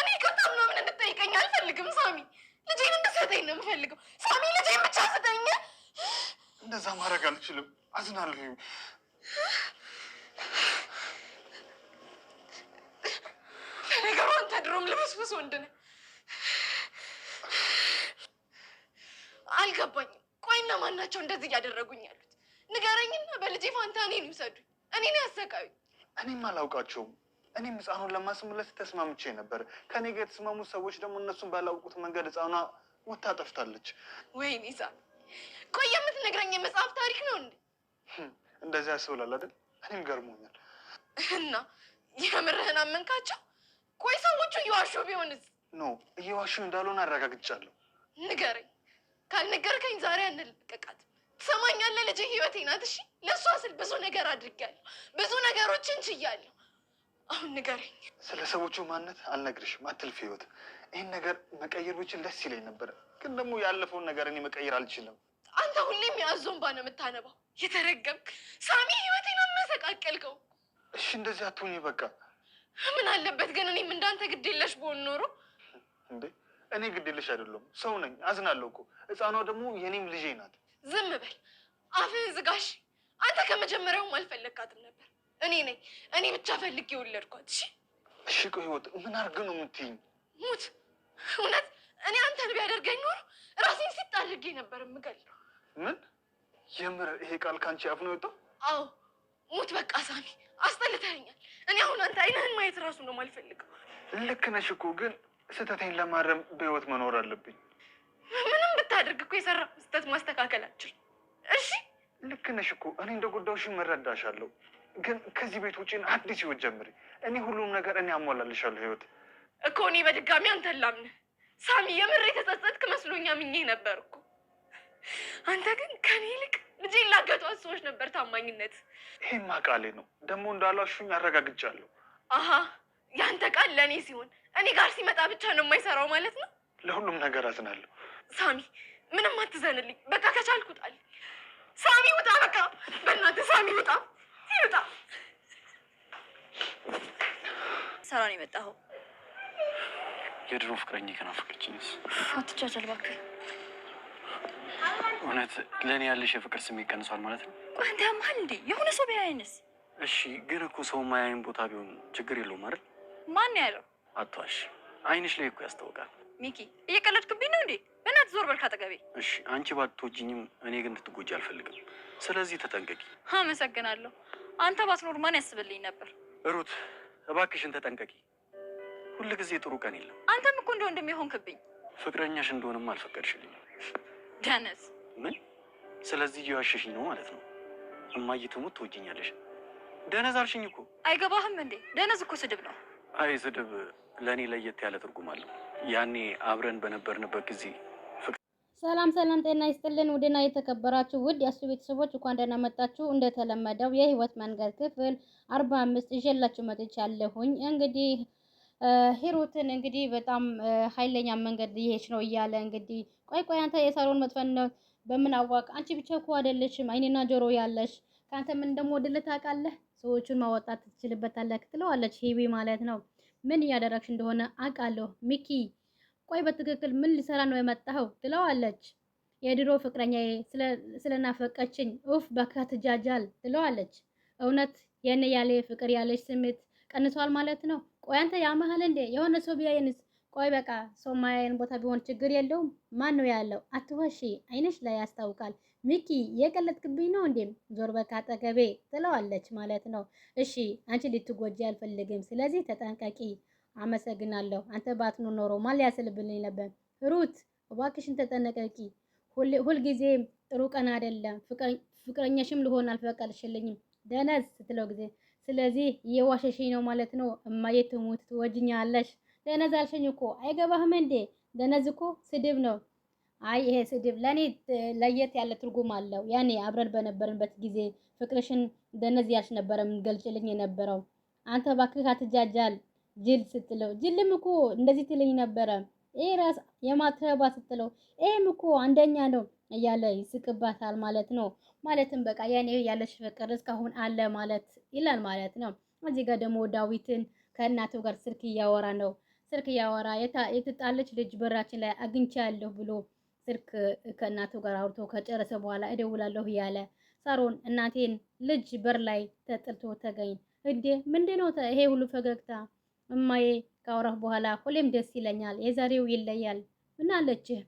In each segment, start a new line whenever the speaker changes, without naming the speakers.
እኔ ይቅርታ ምናምን እንድጠይቀኝ አልፈልግም። ሳሚ ልጄን እንድሰጠኝ ነው የምፈልገው። ሳሚ ልጄን ብቻ ስጠኝ።
እንደዛ ማድረግ አልችልም። አዝናለሁ።
ነገሩ አንተ ድሮም ልበስብስ ወንድ ነህ። አልገባኝም። ቆይና ማናቸው እንደዚህ እያደረጉኝ ያሉት ንገረኝና፣ በልጄ ፋንታ እኔን ይውሰዱኝ፣ እኔን ያሰቃዩኝ።
እኔም አላውቃቸውም። እኔም ህፃኑን ለማስመለስ ተስማምቼ ነበር። ከኔ ጋር የተስማሙ ሰዎች ደግሞ እነሱን ባላውቁት መንገድ ህፃኗ ወታ ጠፍታለች።
ወይኔ ዛ ቆይ የምትነግረኝ የመጽሐፍ ታሪክ ነው እንዴ?
Hm፣ እንደዚህ ያስብላል አይደል? እኔም ገርሞኛል።
እና የምርህን አመንካቸው? ቆይ ሰዎቹ እየዋሹ ቢሆንስ?
ኖ እየዋሹ እንዳልሆነ አረጋግጫለሁ።
ንገረኝ። ካልነገርከኝ ዛሬ አንለቀቃትም። ትሰማኛለህ? ልጅ ህይወቴ ናት። እሺ ለእሷ ስል ብዙ ነገር አድርጌያለሁ። ብዙ ነገሮችን ችያለሁ። አሁን ንገረኝ።
ስለ ሰዎቹ ማንነት አልነግርሽም፣ አትልፍ ህይወት። ይህን ነገር መቀየር ብችል ደስ ይለኝ ነበር ግን ደግሞ ያለፈውን ነገር እኔ መቀየር አልችልም።
አንተ ሁሌም የአዞን ባነ የምታነባው። የተረገምክ ሳሚ፣ ህይወቴን አመሰቃቀልከው።
እሺ እንደዚህ አትሁኝ፣ በቃ
ምን አለበት ግን እኔም እንዳንተ ግዴለሽ በሆን ኖሮ።
እንዴ እኔ ግዴለሽ አይደለም፣ ሰው ነኝ፣ አዝናለሁ እኮ። ህፃኗ ደግሞ የኔም ልጄ ናት።
ዝም በል አፍህ ዝጋሽ። አንተ ከመጀመሪያውም አልፈለግካትም ነበር እኔ ነኝ። እኔ ብቻ ፈልጌ የወለድኳት። እሺ፣
እሺ። ቆይ ህይወት፣ ምን አድርገህ ነው የምትይኝ?
ሙት። እውነት እኔ አንተን ቢያደርገኝ ኖሮ ራሴን ስጥ አድርጌ ነበር የምገለው።
ምን? የምር ይሄ ቃል ከአንቺ አፍ ነው የወጣው?
አዎ። ሙት በቃ ሳሚ፣ አስጠልተኸኛል። እኔ አሁን አንተ አይነህን ማየት ራሱ ነው የማልፈልገው።
ልክ ነሽ እኮ ግን ስህተቴን ለማረም በህይወት መኖር አለብኝ።
ምንም ብታደርግ እኮ የሰራ ስህተት ማስተካከል አችል። እሺ
ልክ ነሽ እኮ እኔ እንደ ጉዳዩሽ መረዳሻለሁ። ግን ከዚህ ቤት ውጭ አዲስ ህይወት ጀምሪ። እኔ ሁሉም ነገር እኔ አሟላልሻለሁ። ህይወት
እኮ እኔ በድጋሚ አንተ ላምን ሳሚ፣ የምር የተጸጸትክ መስሎኛ ምኜ ነበር እኮ። አንተ ግን ከኔ ይልቅ ልጄ ላገጧት ሰዎች ነበር ታማኝነት።
ይሄማ ቃሌ ነው ደግሞ እንዳላሹኝ አረጋግጫለሁ።
አሀ ያንተ ቃል ለእኔ ሲሆን እኔ ጋር ሲመጣ ብቻ ነው የማይሰራው ማለት ነው።
ለሁሉም ነገር አዝናለሁ
ሳሚ። ምንም አትዘንልኝ። በቃ ከቻልኩ ጣል። ሳሚ ውጣ! በቃ በእናትህ ሳሚ ውጣ! ሰራ ነው የመጣኸው?
የድሮ ፍቅረኛ ከናፈቀችኝስ።
አትቻቻል እባክህ።
እውነት ለእኔ ያለሽ የፍቅር ስሜት ቀንሷል ማለት ነው?
አንተ ያምሃል እንዴ? የሆነ ሰው ቢያይንስ?
እሺ፣ ግን እኮ ሰው ማያይን ቦታ ቢሆን ችግር የለውም አይደል? ማን ያለው? አትዋሽ፣ አይንሽ ላይ እኮ ያስታውቃል።
ሚኪ፣ እየቀለድክብኝ ነው እንዴ? በእናትህ ዞር በል አጠገቤ
እሺ፣ አንቺ ባትወጂኝም እኔ ግን ትጎጂ አልፈልግም። ስለዚህ ተጠንቀቂ።
አመሰግናለሁ። አንተ ባትኖር ማን ያስብልኝ ነበር?
ሩት እባክሽን ተጠንቀቂ። ሁል ጊዜ ጥሩ ቀን የለም።
አንተም እኮ እንደ ወንድም የሆንክብኝ።
ፍቅረኛሽ እንደሆንም አልፈቀድሽልኝ። ደነዝ ምን? ስለዚህ እየዋሸሽኝ ነው ማለት ነው። እማዬ ትሙት ትወጂኛለሽ። ደነዝ አልሽኝ እኮ።
አይገባህም እንዴ? ደነዝ እኮ ስድብ ነው።
አይ ስድብ ለእኔ ለየት ያለ ትርጉም አለው። ያኔ አብረን በነበርንበት ጊዜ
ሰላም ሰላም፣ ጤና ይስጥልን ውድና የተከበራችሁ ውድ የአሱ ቤተሰቦች እንኳን ደህና መጣችሁ። እንደተለመደው የህይወት መንገድ ክፍል አርባ አምስት ይዤላችሁ መጥቻለሁኝ። እንግዲህ ሂሩትን እንግዲህ በጣም ኃይለኛ መንገድ ይሄች ነው እያለ እንግዲህ ቆይ ቆይ አንተ የሳሮን መጥፈን በምን አዋቅ አንቺ ብቻ እኮ አይደለሽም አይኔና ጆሮ ያለሽ ከአንተ ምን እንደምወድልህ ታውቃለህ። ሰዎቹን ማወጣት ትችልበታለህ ትለዋለች ሂቢ ማለት ነው። ምን እያደረግሽ እንደሆነ አውቃለሁ ሚኪ ቆይ በትክክል ምን ሊሰራ ነው የመጣኸው? ትለዋለች። የድሮ ፍቅረኛ ስለናፈቀችኝ ኡፍ በካ ትጃጃል ትለዋለች። እውነት የኔ ያለ ፍቅር ያለች ስሜት ቀንሷል ማለት ነው። ቆይ አንተ ያመሃል እንዴ? የሆነ ሰው ቢያየንስ? ቆይ በቃ ሰው ማያየን ቦታ ቢሆን ችግር የለውም። ማን ነው ያለው? አትዋሺ፣ አይንሽ ላይ ያስታውቃል። ሚኪ የቀለጥክብኝ ነው እንዴ? ዞር በቃ አጠገቤ ትለዋለች ማለት ነው። እሺ አንቺ ልትጎጂ አልፈልግም፣ ስለዚህ ተጠንቀቂ አመሰግናለሁ። አንተ ባትኖር ኖሮ ማን ሊያስልብልኝ ነበር? ሩት እባክሽን ተጠነቀቂ። ጊዜ ጥሩ ቀን አይደለም። ፍቅረኛሽም ልሆን አልፈቀድሽልኝም ደነዝ ስትለው ጊዜ ስለዚህ የዋሸሽ ነው ማለት ነው። እማዬ ትሙት ትወጅኛለሽ። ደነዝ አልሸኝ እኮ አይገባህም እንዴ? ደነዝ እኮ ስድብ ነው። አይ ይሄ ስድብ ለእኔ ለየት ያለ ትርጉም አለው። ያኔ አብረን በነበርንበት ጊዜ ፍቅርሽን ደነዝ ያልሽ ነበረ ገልጭልኝ የነበረው አንተ እባክህ አትጃጃል ጅል ስትለው ጅልም እኮ እንደዚህ ትለኝ ነበረ። ይሄ ራስ የማትረባ ስትለው ይሄም እኮ አንደኛ ነው እያለ ይስቅባታል ማለት ነው። ማለትም በቃ ያኔ ያለሽ ፍቅር እስካሁን አለ ማለት ይላል ማለት ነው። እዚህ ጋር ደግሞ ዳዊትን ከእናቱ ጋር ስልክ እያወራ ነው። ስልክ እያወራ የተጣለች ልጅ በራችን ላይ አግኝቻለሁ ብሎ ስልክ ከእናቱ ጋር አውርቶ ከጨረሰ በኋላ እደውላለሁ እያለ ሳሮን እናቴን ልጅ በር ላይ ተጥልቶ ተገኝ። እንዴ ምንድነው ይሄ ሁሉ ፈገግታ? እማዬ ካወራህ በኋላ ሁሌም ደስ ይለኛል፣ የዛሬው ይለያል። ምን አለችህ?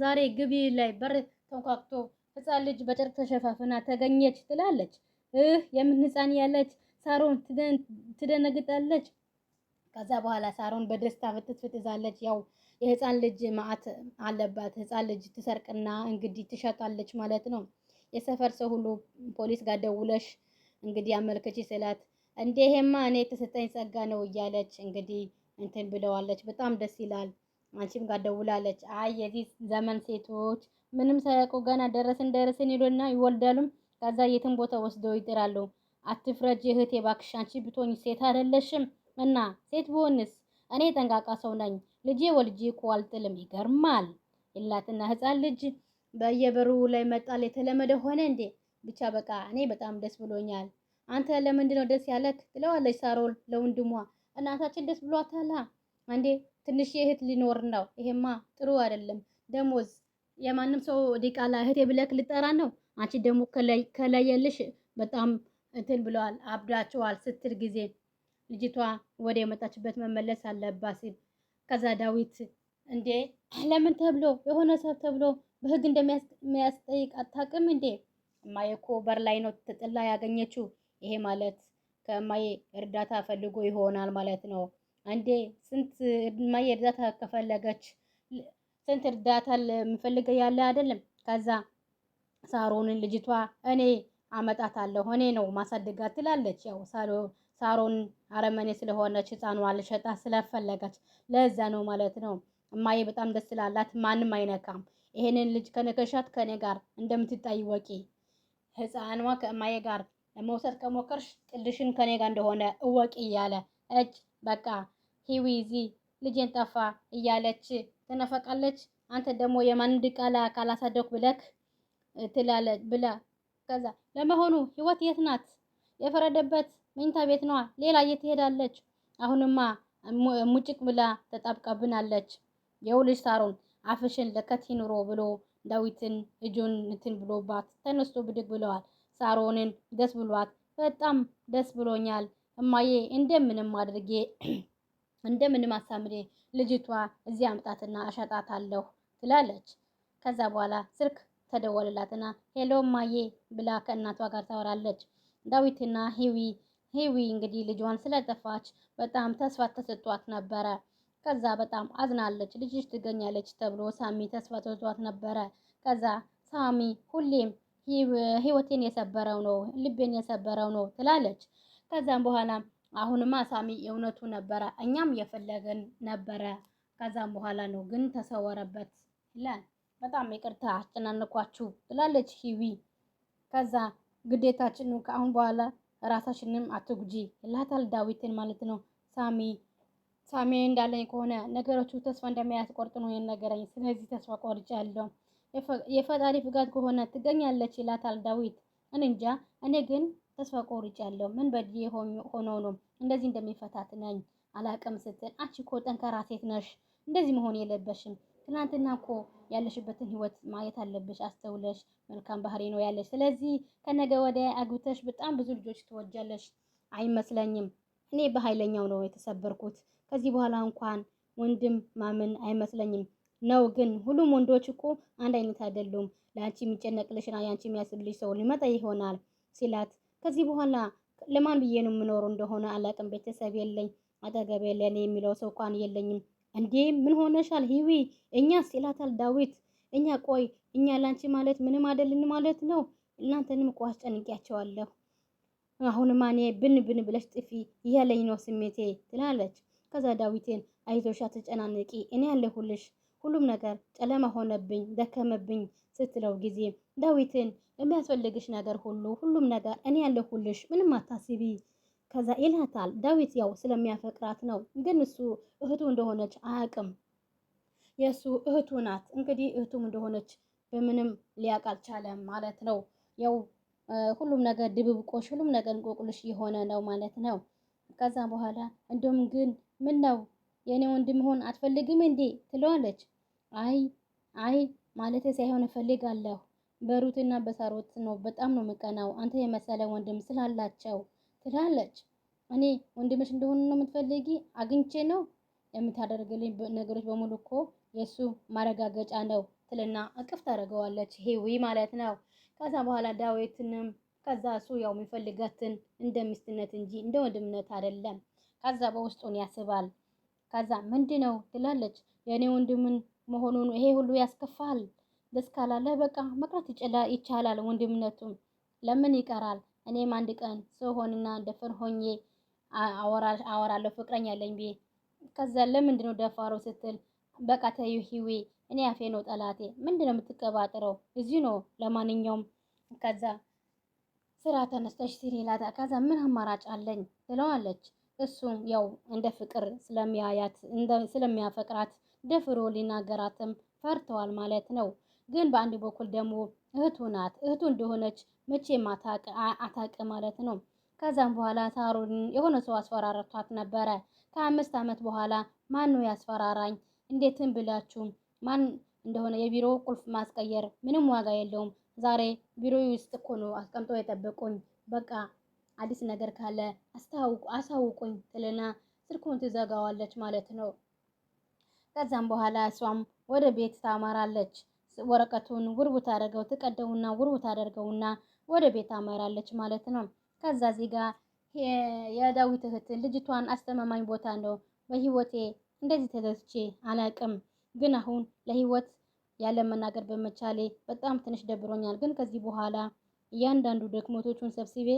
ዛሬ ግቢ ላይ በር ተንኳክቶ ህፃን ልጅ በጨርቅ ተሸፋፍና ተገኘች ትላለች። እህ የምን ህፃን ያለች ሳሮን ትደነግጣለች። ከዛ በኋላ ሳሮን በደስታ ፍትፍት ይዛለች። ያው የህፃን ልጅ ማዕት አለባት። ህፃን ልጅ ትሰርቅና እንግዲህ ትሸጣለች ማለት ነው። የሰፈር ሰው ሁሉ ፖሊስ ጋር ደውለሽ እንግዲህ አመልከች ስላት እንዴ ይሄማ እኔ የተሰጠኝ ጸጋ ነው እያለች እንግዲህ እንትን ብለዋለች። በጣም ደስ ይላል። አንቺም ጋር ደውላለች። አይ የዚህ ዘመን ሴቶች ምንም ሳያውቁ ገና ደረስን ደረስን ይሉና ይወልዳሉም። ከዛ የትን ቦታ ወስደው ይጥራሉ። አትፍረጅ እህቴ እባክሽ። አንቺ ብትሆኝ ሴት አይደለሽም እና ሴት ብሆንስ እኔ ጠንቃቃ ሰው ነኝ። ልጄ ወልጄ እኮ አልጥልም። ይገርማል ይላትና ህፃን ልጅ በየበሩ ላይ መጣል የተለመደ ሆነ እንዴ። ብቻ በቃ እኔ በጣም ደስ ብሎኛል። አንተ ለምንድን ነው ደስ ያለክ ትለዋለች ሳሮን ለወንድሟ። እናታችን ደስ ብሏታላ አንዴ ትንሽ እህት ሊኖር ነው። ይሄማ ጥሩ አይደለም። ደሞዝ የማንም ሰው ዲቃላ እህቴ ብለክ ልጠራ ነው። አንቺ ደግሞ ከለየልሽ በጣም እንትን ብለዋል፣ አብዳቸዋል ስትል ጊዜ ልጅቷ ወደ የመጣችበት መመለስ አለባት ሲል ከዛ ዳዊት እንዴ ለምን ተብሎ የሆነ ሰው ተብሎ በህግ እንደሚያስጠይቅ አታውቅም እንዴ? እማዬ እኮ በር ላይ ነው ተጥላ ያገኘችው። ይሄ ማለት ከማዬ እርዳታ ፈልጎ ይሆናል ማለት ነው። አንዴ ስንት ማዬ እርዳታ ከፈለገች ስንት እርዳታ ለምፈልገ ያለ አይደለም። ከዛ ሳሮንን ልጅቷ እኔ አመጣታለሁ እኔ ነው ማሳደጋት ትላለች። ያው ሳሮን አረመኔ ስለሆነች ሕፃኗ ልሸጣ ስለፈለገች ለዛ ነው ማለት ነው። እማዬ በጣም ደስ ስላላት ማንም አይነካም። ይሄንን ልጅ ከነከሻት ከኔ ጋር እንደምትጣይ ወቂ። ሕፃኗ ከእማዬ ጋር ለመውሰድ ከሞከርሽ ጥልሽን ከኔ ጋር እንደሆነ እወቂ እያለ እጅ በቃ ሂዊዚ ልጄን ጠፋ እያለች ትነፈቃለች። አንተ ደግሞ የማን ድቃላ ካላሳደኩ ብለክ ትላለ ብላ ከዛ ለመሆኑ ህይወት የት ናት? የፈረደበት መኝታ ቤት ነዋ። ሌላ የት ትሄዳለች? አሁንማ ሙጭቅ ብላ ተጣብቃብናለች። የውልሽ ሳሮን አፍሽን ለከት ኑሮ ብሎ ዳዊትን እጁን እንትን ብሎባት ተነስቶ ብድግ ብለዋል። ሳሮንን ደስ ብሏት በጣም ደስ ብሎኛል እማዬ፣ እንደምንም አድርጌ እንደምንም አሳምሬ ልጅቷ እዚህ አምጣትና አሸጣታለሁ ትላለች። ከዛ በኋላ ስልክ ተደወለላትና ሄሎ እማዬ ብላ ከእናቷ ጋር ታወራለች። ዳዊትና ሂዊ ሂዊ እንግዲህ ልጇን ስለጠፋች በጣም ተስፋ ተሰጥቷት ነበረ። ከዛ በጣም አዝናለች። ልጅሽ ትገኛለች ተብሎ ሳሚ ተስፋ ተሰጥቷት ነበረ። ከዛ ሳሚ ሁሌም ህይወቴን የሰበረው ነው፣ ልቤን የሰበረው ነው ትላለች። ከዛም በኋላ አሁንማ ሳሚ እውነቱ ነበረ፣ እኛም የፈለገን ነበረ። ከዛም በኋላ ነው ግን ተሰወረበት ይላል። በጣም ይቅርታ አጨናንኳችሁ ትላለች ሂዊ። ከዛ ግዴታችን ከአሁን በኋላ ራሳችንም አትጉጂ ይላታል ዳዊትን ማለት ነው። ሳሚ ሳሚ እንዳለኝ ከሆነ ነገሮቹ ተስፋ እንደሚያስቆርጥ ነው የነገረኝ። ስለዚህ ተስፋ ቆርጫ ያለው የፈጣሪ ፍቃድ ከሆነ ትገኛለች ይላታል ዳዊት። እንንጃ እኔ ግን ተስፋ ቆርጫለሁ። ምን በድዬ ሆኖ ነው እንደዚህ ነኝ አላቅም ስትል፣ አንቺ እኮ ጠንካራ ሴት ነሽ፣ እንደዚህ መሆን የለበሽም። ትናንትና እኮ ያለሽበትን ህይወት ማየት አለብሽ። አስተውለሽ መልካም ባህሪ ነው ያለሽ። ስለዚህ ከነገ ወዲያ አግብተሽ በጣም ብዙ ልጆች ትወጃለሽ። አይመስለኝም። እኔ በኃይለኛው ነው የተሰበርኩት። ከዚህ በኋላ እንኳን ወንድም ማምን አይመስለኝም። ነው። ግን ሁሉም ወንዶች እኮ አንድ አይነት አይደሉም። ለአንቺ የሚጨነቅልሽና ያንቺ የሚያስብልሽ ሰው ሊመጣ ይሆናል ሲላት፣ ከዚህ በኋላ ለማን ብዬ ነው የምኖሩ እንደሆነ አላቅም። ቤተሰብ የለኝ፣ አጠገብ ለእኔ የሚለው ሰው እንኳን የለኝም። እንዴ ምን ሆነሻል ሂዊ? እኛ ሲላታል ዳዊት፣ እኛ ቆይ እኛ ላንቺ ማለት ምንም አይደልን ማለት ነው። እናንተንም እኮ አስጨንቄያቸዋለሁ። አሁንማ እኔ ብን ብን ብለሽ ጥፊ እያለኝ ነው ስሜቴ ትላለች። ከዛ ዳዊቴን አይዞሽ፣ አትጨናነቂ፣ እኔ ያለሁልሽ ሁሉም ነገር ጨለማ ሆነብኝ፣ ደከመብኝ ስትለው ጊዜ ዳዊትን የሚያስፈልግሽ ነገር ሁሉ ሁሉም ነገር እኔ ያለሁልሽ፣ ምንም አታስቢ ከዛ ይላታል። ዳዊት ያው ስለሚያፈቅራት ነው፣ ግን እሱ እህቱ እንደሆነች አያውቅም። የእሱ እህቱ ናት። እንግዲህ እህቱም እንደሆነች በምንም ሊያውቅ አልቻለም ማለት ነው። ያው ሁሉም ነገር ድብብቆሽ፣ ሁሉም ነገር እንቆቅልሽ የሆነ ነው ማለት ነው። ከዛ በኋላ እንደውም ግን ምን ነው የእኔ ወንድም መሆን አትፈልግም እንዴ ትለዋለች። አይ አይ ማለት ሳይሆን እፈልጋለሁ። በሩትና በሳሮት ነው በጣም ነው የምቀናው፣ አንተ የመሰለ ወንድም ስላላቸው ትላለች። እኔ ወንድምሽ እንደሆነ ነው የምትፈልጊ? አግኝቼ ነው የምታደርግልኝ ነገሮች በሙሉ እኮ የእሱ ማረጋገጫ ነው ትልና እቅፍ ታደርገዋለች። ሄዊ ማለት ነው። ከዛ በኋላ ዳዊትንም ከዛ እሱ ያው የሚፈልጋትን እንደ ሚስትነት እንጂ እንደ ወንድምነት አይደለም። ከዛ በውስጡን ያስባል። ከዛ ምንድን ነው ትላለች የእኔ ወንድምን መሆኑን ይሄ ሁሉ ያስከፋል። ደስ ካላለህ በቃ መቅረት ይቻላል። ወንድምነቱም ለምን ይቀራል? እኔም አንድ ቀን ስሆንና ደፈር ሆኜ አወራለሁ ፍቅረኛ አለኝ ብዬ ከዛ ለምንድን ነው ደፋሮ ስትል በቃ ተዩ ሂዊ እኔ አፌ ነው ጠላቴ። ምንድን ነው የምትቀባጥረው? እዚህ ነው ለማንኛውም ከዛ ስራ ተነስተሽ ሲል ይላታል። ከዛ ምን አማራጭ አለኝ ትለዋለች። እሱም ያው እንደ ፍቅር ስለሚያያት ስለሚያፈቅራት ደፍሮ ሊናገራትም ፈርተዋል ማለት ነው። ግን በአንድ በኩል ደግሞ እህቱ ናት፣ እህቱ እንደሆነች መቼም አታቅ ማለት ነው። ከዛም በኋላ ሳሮን የሆነ ሰው አስፈራረቷት ነበረ። ከአምስት ዓመት በኋላ ማን ነው ያስፈራራኝ? እንዴትም ብላችሁ ማን እንደሆነ የቢሮ ቁልፍ ማስቀየር ምንም ዋጋ የለውም። ዛሬ ቢሮ ውስጥ እኮ ነው አስቀምጦ የጠበቁኝ። በቃ አዲስ ነገር ካለ አሳውቁኝ ትልና ስልኩን ትዘጋዋለች ማለት ነው። ከዛም በኋላ እሷም ወደ ቤት ታመራለች። ወረቀቱን ውርቡ ታደርገው ትቀደውና ውርቡ ታደርገውና ወደ ቤት ታመራለች ማለት ነው። ከዛ እዚህ ጋር የዳዊት እህት ልጅቷን አስተማማኝ ቦታ ነው በህይወቴ እንደዚህ ተደስቼ አላቅም፣ ግን አሁን ለህይወት ያለ መናገር በመቻሌ በጣም ትንሽ ደብሮኛል። ግን ከዚህ በኋላ እያንዳንዱ ደክሞቶቹን ሰብስቤ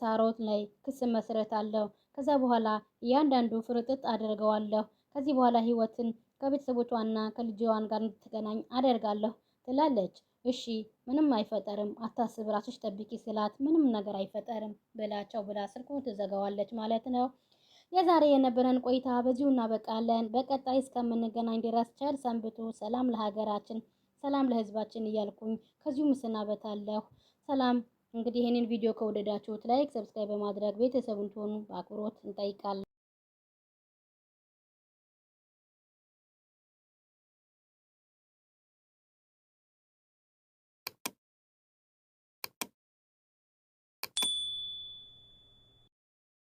ሳሮት ላይ ክስ መስረት አለሁ። ከዛ በኋላ እያንዳንዱ ፍርጥጥ አደርገዋለሁ። ከዚህ በኋላ ህይወትን ከቤተሰቦቿና ከልጅዋን ጋር እንድትገናኝ አደርጋለሁ ትላለች። እሺ ምንም አይፈጠርም፣ አታስብ፣ ራስሽ ጠብቂ ስላት ምንም ነገር አይፈጠርም ብላቸው ብላ ስልኩን ትዘጋዋለች ማለት ነው። የዛሬ የነበረን ቆይታ በዚሁ እናበቃለን። በቀጣይ እስከምንገናኝ ድረስ ቸር ሰንብቱ። ሰላም ለሀገራችን፣ ሰላም ለሕዝባችን እያልኩኝ ከዚሁ ምስናበታለሁ። ሰላም። እንግዲህ ይህንን ቪዲዮ ከወደዳችሁት ላይክ፣ ሰብስክራይብ በማድረግ ቤተሰቡን ትሆኑ በአክብሮት እንጠይቃለን።